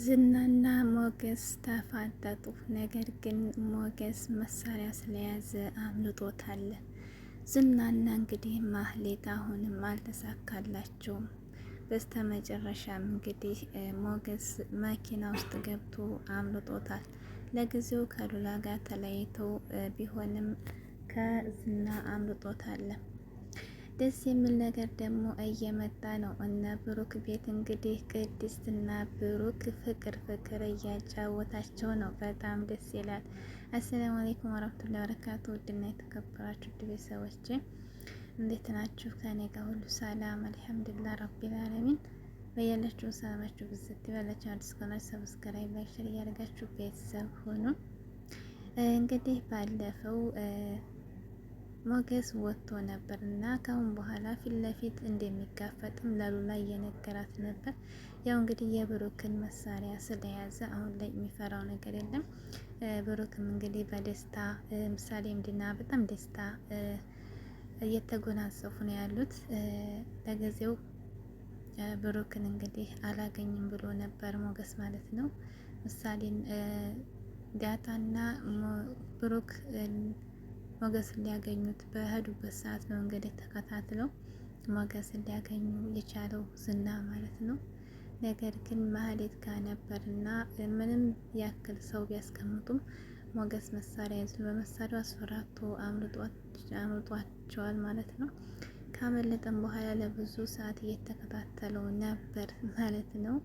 ዝናና ሞገስ ተፋጠጡ። ነገር ግን ሞገስ መሳሪያ ስለያዘ አምልጦታል። ዝናና እንግዲህ ማህሌት አሁንም አልተሳካላቸውም። በስተመጨረሻ እንግዲህ ሞገስ መኪና ውስጥ ገብቶ አምልጦታል። ለጊዜው ከሉላ ጋር ተለያይተው ቢሆንም ከዝና አምልጦታል። ደስ የሚል ነገር ደግሞ እየመጣ ነው። እነ ብሩክ ቤት እንግዲህ ቅድስት እና ብሩክ ፍቅር ፍቅር እያጫወታቸው ነው። በጣም ደስ ይላል። አሰላሙ አለይኩም ወረህመቱላሂ ወበረካቱ ውድና የተከበራችሁ ድቤት ሰዎች እንዴት ናችሁ? ከኔ ጋር ሁሉ ሰላም አልሐምዱሊላህ ረቢል አለሚን። በያላችሁ ሰላማችሁ ብዝት ይበላችሁ። አዲስ ከሆነ ሰብስክራይብ፣ ላይክ፣ ሼር እያደረጋችሁ ቤተሰብ ሆኑ። እንግዲህ ባለፈው ሞገስ ወጥቶ ነበር እና ካሁን በኋላ ፊት ለፊት እንደሚጋፈጥም ለሉላ እየነገራት ነበር። ያው እንግዲህ የብሩክን መሳሪያ ስለያዘ አሁን ላይ የሚፈራው ነገር የለም። ብሩክም እንግዲህ በደስታ ምሳሌ ምድና በጣም ደስታ እየተጎናጸፉ ነው ያሉት። ለጊዜው ብሩክን እንግዲህ አላገኝም ብሎ ነበር ሞገስ ማለት ነው። ምሳሌን ዳታና ብሩክ ሞገስ እንዲያገኙት በሄዱበት ሰዓት ነው እንግዲህ ተከታትለው ሞገስ እንዲያገኙ የቻለው ዝና ማለት ነው። ነገር ግን ማህሌት ጋር ምንም ያክል ሰው ቢያስቀምጡም ሞገስ መሳሪያ ይዞ በመሳሪያው አስፈራቶ አምልጧቸዋል ማለት ነው። ካመለጠም በኋላ ለብዙ ሰዓት እየተከታተለው ነበር ማለት ነው።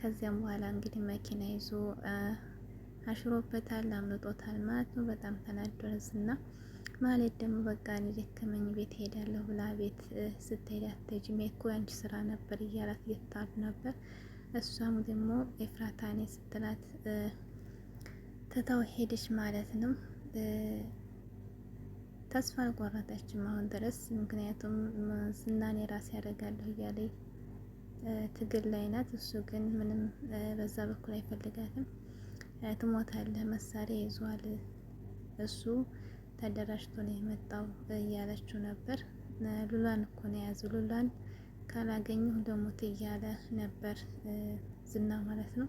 ከዚያም በኋላ እንግዲህ መኪና ይዞ አሽሮበታል፣ አምልጦታል ማለት ነው። በጣም ተናደረዝና ማለት ደግሞ በቃ እኔ ደከመኝ ቤት ሄዳለሁ ብላ ቤት ስትሄድ አትሄጂም እኮ ያንቺ ስራ ነበር እያላት እየተጣሉ ነበር። እሷም ደግሞ ኤፍራታኔ ስትላት ትታው ሄደች ማለት ነው። ተስፋ አልቆረጠችም አሁን ድረስ ምክንያቱም ስናኔ ራሴ ያደርጋለሁ እያለ ትግል ላይ ናት። እሱ ግን ምንም በዛ በኩል አይፈልጋትም። ትሞታለህ መሳሪያ ይዟል እሱ ተደራጅቶ ነው የመጣው እያለችው ነበር። ሉላን እኮ ነው የያዙ ሉላን ካላገኘሁ ልሙት እያለ ነበር ዝና ማለት ነው።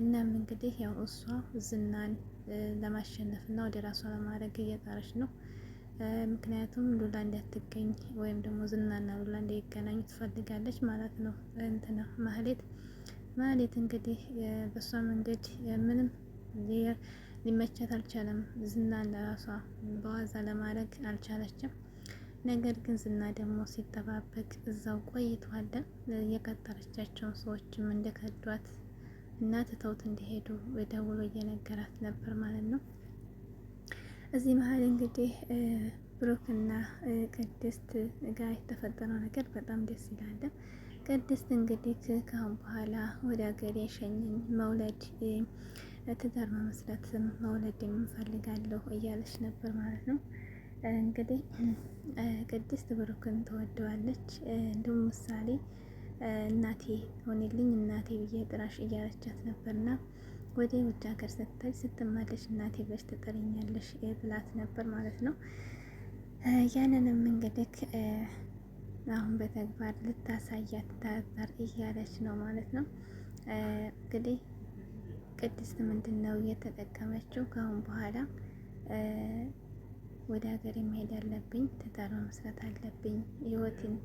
እናም እንግዲህ ያው እሷ ዝናን ለማሸነፍ እና ወደ ራሷ ለማድረግ እየጣረች ነው። ምክንያቱም ሉላ እንዳትገኝ ወይም ደግሞ ዝናና ሉላ እንዳይገናኙ ትፈልጋለች ማለት ነው። እንትና ማህሌት ማህሌት እንግዲህ በእሷ መንገድ ምንም ሊመቻት አልቻለም። ዝናን ለራሷ በዋዛ ለማድረግ አልቻለችም። ነገር ግን ዝና ደግሞ ሲጠባበቅ እዛው ቆይቷል። የቀጠረቻቸውን ሰዎችም እንደከዷት እና ትተውት እንደሄዱ ደውሎ እየነገራት ነበር ማለት ነው። እዚህ መሀል እንግዲህ ብሩክና ቅድስት ጋር የተፈጠረው ነገር በጣም ደስ ይላል። ቅድስት እንግዲህ ከአሁን በኋላ ወደ ሀገሬ ሸኝን መውለድ ትዳር መመስረት መውለድ የምንፈልጋለሁ እያለች ነበር ማለት ነው። እንግዲህ ቅድስት ብሩክን ትወደዋለች። እንዲሁም ምሳሌ እናቴ ሆኔልኝ እናቴ ብዬ ጥራሽ እያለቻት ነበርና ወደ ውጭ ሀገር ስትታይ ስትመለሽ እናቴ ብለሽ ትጠሪኛለሽ ብላት ነበር ማለት ነው። ያንንም እንግዲህ አሁን በተግባር ልታሳያት ታዛር እያለች ነው ማለት ነው እንግዲህ ቅድስት ምንድን ነው እየተጠቀመችው? ከአሁን በኋላ ወደ ሀገር መሄድ አለብኝ፣ ትዳር መስራት አለብኝ፣ ህይወቴን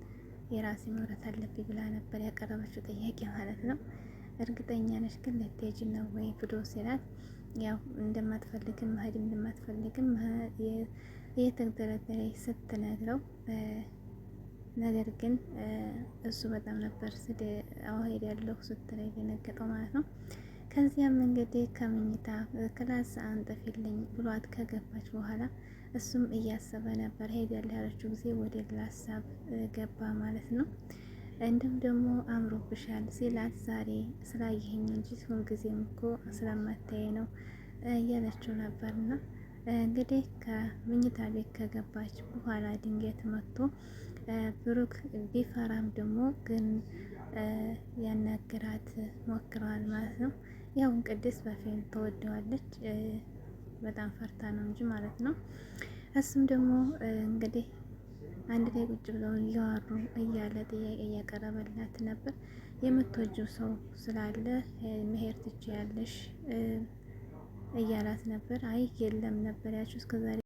የራሴ መምራት አለብኝ ብላ ነበር ያቀረበችው ጥያቄ ማለት ነው። እርግጠኛ ነሽ ግን ልትሄጂ ነው ወይ ብሎ ሲላት ያው እንደማትፈልግም መሄድ እንደማትፈልግም እየተደረደረ ስትነግረው ነገር ግን እሱ በጣም ነበር ስድ አዋሄድ ያለው ስትል የደነገጠው ማለት ነው። ከዚያም እንግዲህ ከመኝታ ክላስ አንጥፊልኝ ብሏት ከገባች በኋላ እሱም እያሰበ ነበር። ሄዳለች ያለችው ጊዜ ወደ ሌላ ሀሳብ ገባ ማለት ነው። እንዲሁም ደግሞ አምሮብሻል ሲላት ዛሬ ስላየኸኝ እንጂ ሁልጊዜም እኮ ስለማታየ ነው እያለችው ነበርና እንግዲህ ከምኝታ ቤት ከገባች በኋላ ድንገት መጥቶ ብሩክ ቢፈራም ደግሞ ግን ያናግራት ሞክረዋል ማለት ነው። ያው ቅድስት በፊት ተወደዋለች። በጣም ፈርታ ነው እንጂ ማለት ነው። እሱም ደግሞ እንግዲህ አንድ ላይ ቁጭ ብለው እያወሩ እያለ ጥያቄ እያቀረበላት ነበር። የምትወጂው ሰው ስላለ መሄድ ትችያለሽ እያላት ነበር። አይ የለም ነበር ያችው እስከዛሬ